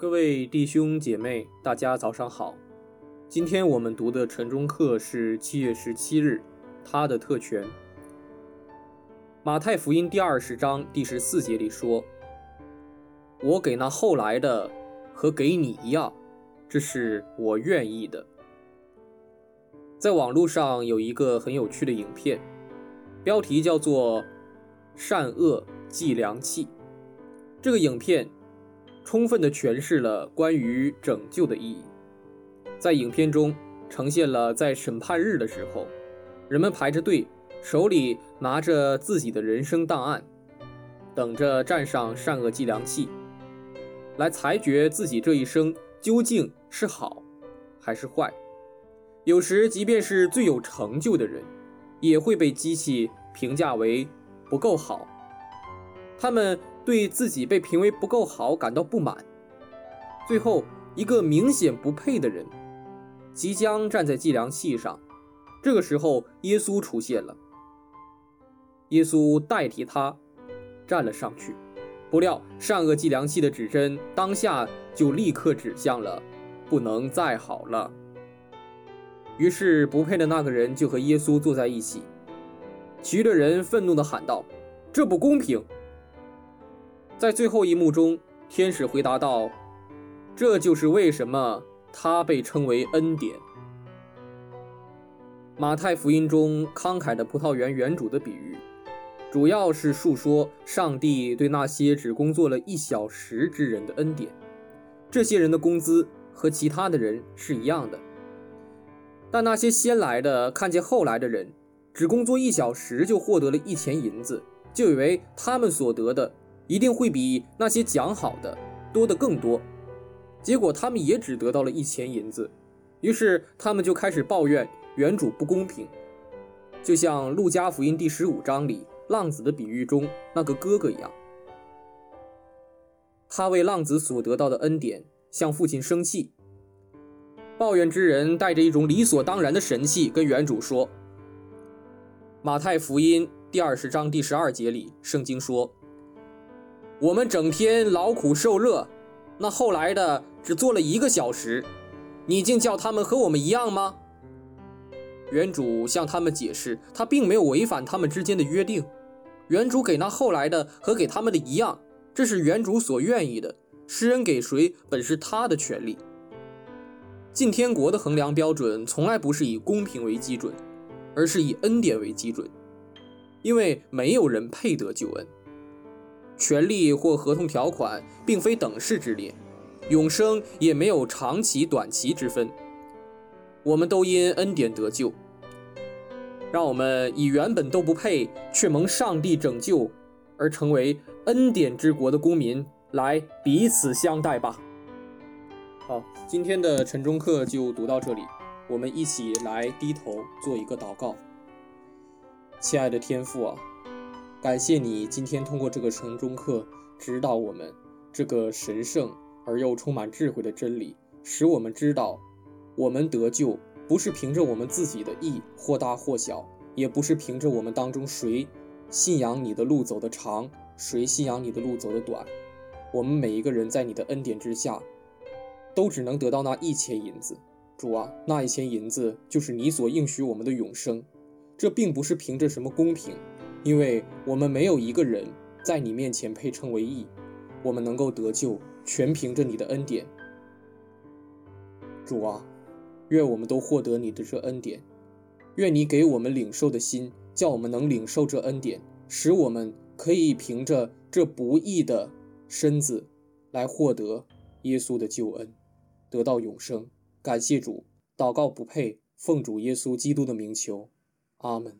各位弟兄姐妹，大家早上好。今天我們讀的《晨鐘課》是七月十七日，他的特權。馬太福音第二十章第十四節裡說：“我給那後來的，和給你一樣，這是我願意的。”在網絡上有一個很有趣的影片，標題叫做《善惡計量器》。這個影片，充分地詮釋了關於拯救的意義，在影片中呈現了在審判日的時候，人們排着隊，手裡拿着自己的人生檔案，等着站上善惡計量器，來裁決自己這一生究竟是好還是壞。有時，即便是最有成就的人，也會被機器評價為不夠好。他們對自己被評為不夠好感到不滿，最後一個明顯不配的人，即將站在計量器上。這個時候，耶穌出現了，耶穌代替他站了上去。不料，善惡計量器的指針當下就立刻指向了不能再好了。於是，不配的那個人就和耶穌坐在一起。其餘的人憤怒地喊道：“這不公平！”在最後一幕中，天使回答道：“這就是為什麼他被稱為恩典。”馬太福音中慷慨的葡萄園園主的比喻，主要是述說上帝對那些只工作了一小時之人的恩典。這些人的工資和其他的人是一樣的，但那些先來的看見後來的人只工作一小時就獲得了一錢銀子，就以為他們所得的一定會比那些講好的多的更多。結果他們也只得到了一錢銀子，於是他們就開始抱怨園主不公平，就像《路加福音》第十五章裡浪子的比喻中那個哥哥一樣。他為浪子所得到的恩典向父親生氣，抱怨之人帶着一種理所當然的神氣跟園主說，《馬太福音》第二十章第十二節裡聖經說。我們整天勞苦受熱，那後來的只做了一個小時，你竟叫他們和我們一樣嗎？園主向他們解釋，他並沒有違反他們之間的約定。園主給那後來的和給他們的一樣，這是園主所願意的。施恩給誰本是他的權利。進天國的衡量標準從來不是以公平為基準，而是以恩典為基準，因為沒有人配得救恩。權利或合同條款並非等式之列，永生也沒有長期、短期之分。我們都因恩典得救，讓我們以原本都不配卻蒙上帝拯救而成為恩典之國的公民來彼此相待吧。好，今天的晨鐘課就讀到這裡，我們一起來低頭做一個禱告。親愛的天父啊。感謝你今天通過這個晨鐘課指導我們這個神聖而又充滿智慧的真理，使我們知道，我們得救不是憑着我們自己的義或大或小，也不是憑着我們當中誰信仰你的路走得長，誰信仰你的路走得短。我們每一個人在你的恩典之下，都只能得到那一錢銀子。主啊，那一錢銀子就是你所應許我們的永生。這並不是憑着什麼公平。因為我們沒有一個人在你面前配稱為義，我們能夠得救，全憑着你的恩典。主啊，願我們都獲得你的這恩典，願你給我們領受的心，叫我們能領受這恩典，使我們可以憑着這不義的身子來獲得耶穌的救恩，得到永生。感謝主，禱告不配，奉主耶穌基督的名求，阿門。